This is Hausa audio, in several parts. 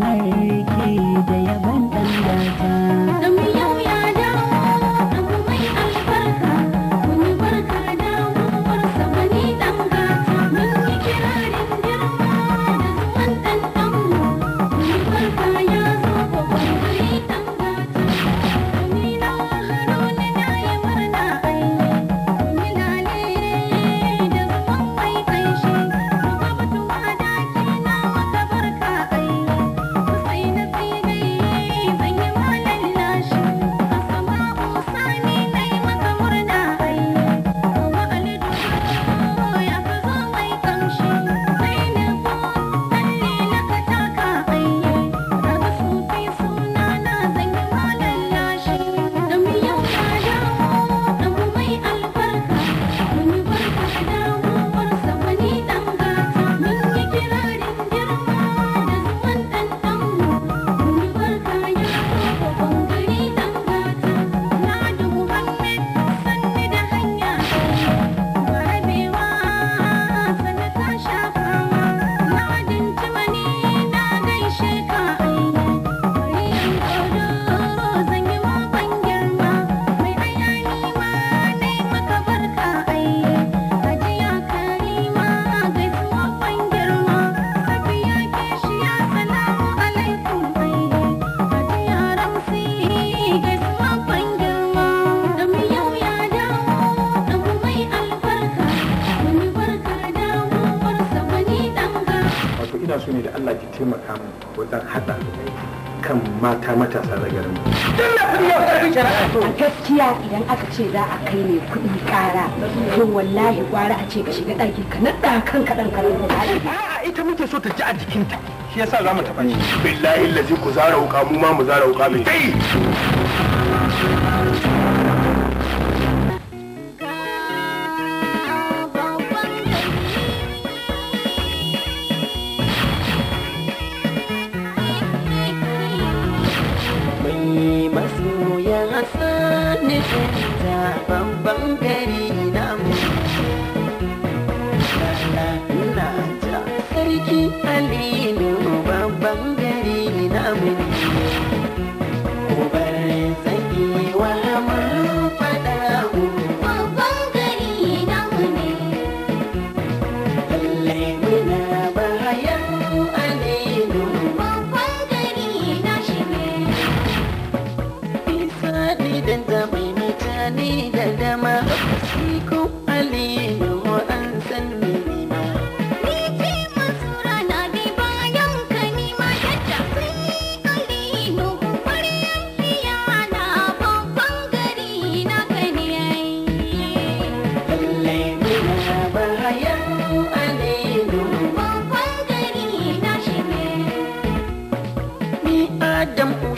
marke da yaban ɗan gata. taimaka wajen haɗa kan mata matasa da garin mu. Tun da kuɗi ya shari'a. A gaskiya idan aka ce za a kai ne kuɗi ƙara to wallahi gwara a ce ka shiga ɗaki ka naɗa kan kaɗan kaɗan da A'a ita muke so ta ji a jikinta. Shi yasa za mu tafi. Billahi lazi ku zara wuƙa mu ma mu zara wuƙa mai kai zaɓaɓɓen gari na na ina ta sarki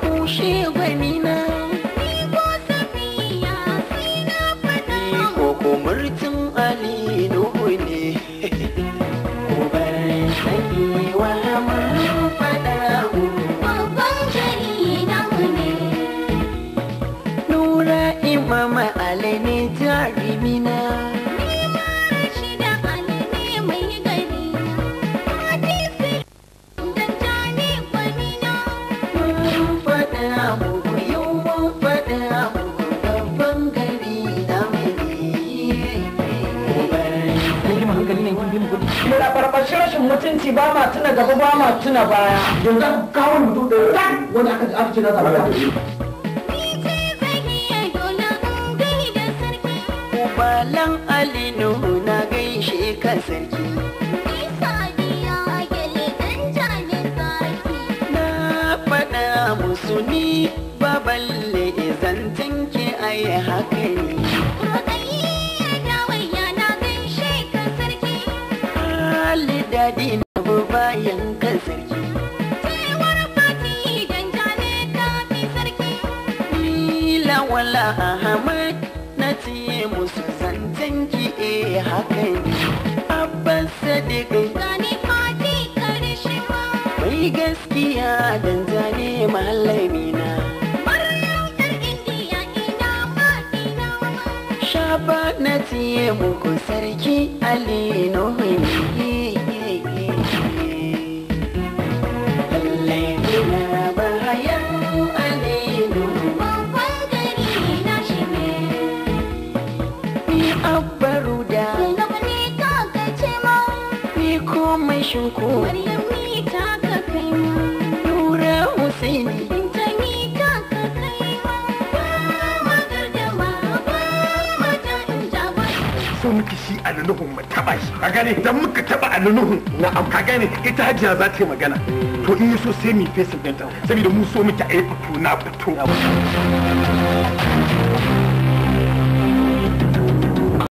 不是。mutunci ba ma tuna gaba ba ma tuna baya yanzu aka kawo mutum da wani aka aka ce na zaba Malam Ali Nuhu na gaishe ka sarki. Na faɗa musu ni baballe zantanki ai wala ahmad na tiye musu zancen ki e hakan abbas sadiq gani fati karshe ba mai gaskiya dan zane malami na Shaba na tiye muku sarki Ali Nuhu mai shinko Maryamu ka ka kai ma Nura So muke shi a mu taba shi ka gane idan muka taba a na am ka gane ita hajiya za ta yi magana to in so sai mu fesa ɗinta saboda mu so muke a yi fito na fito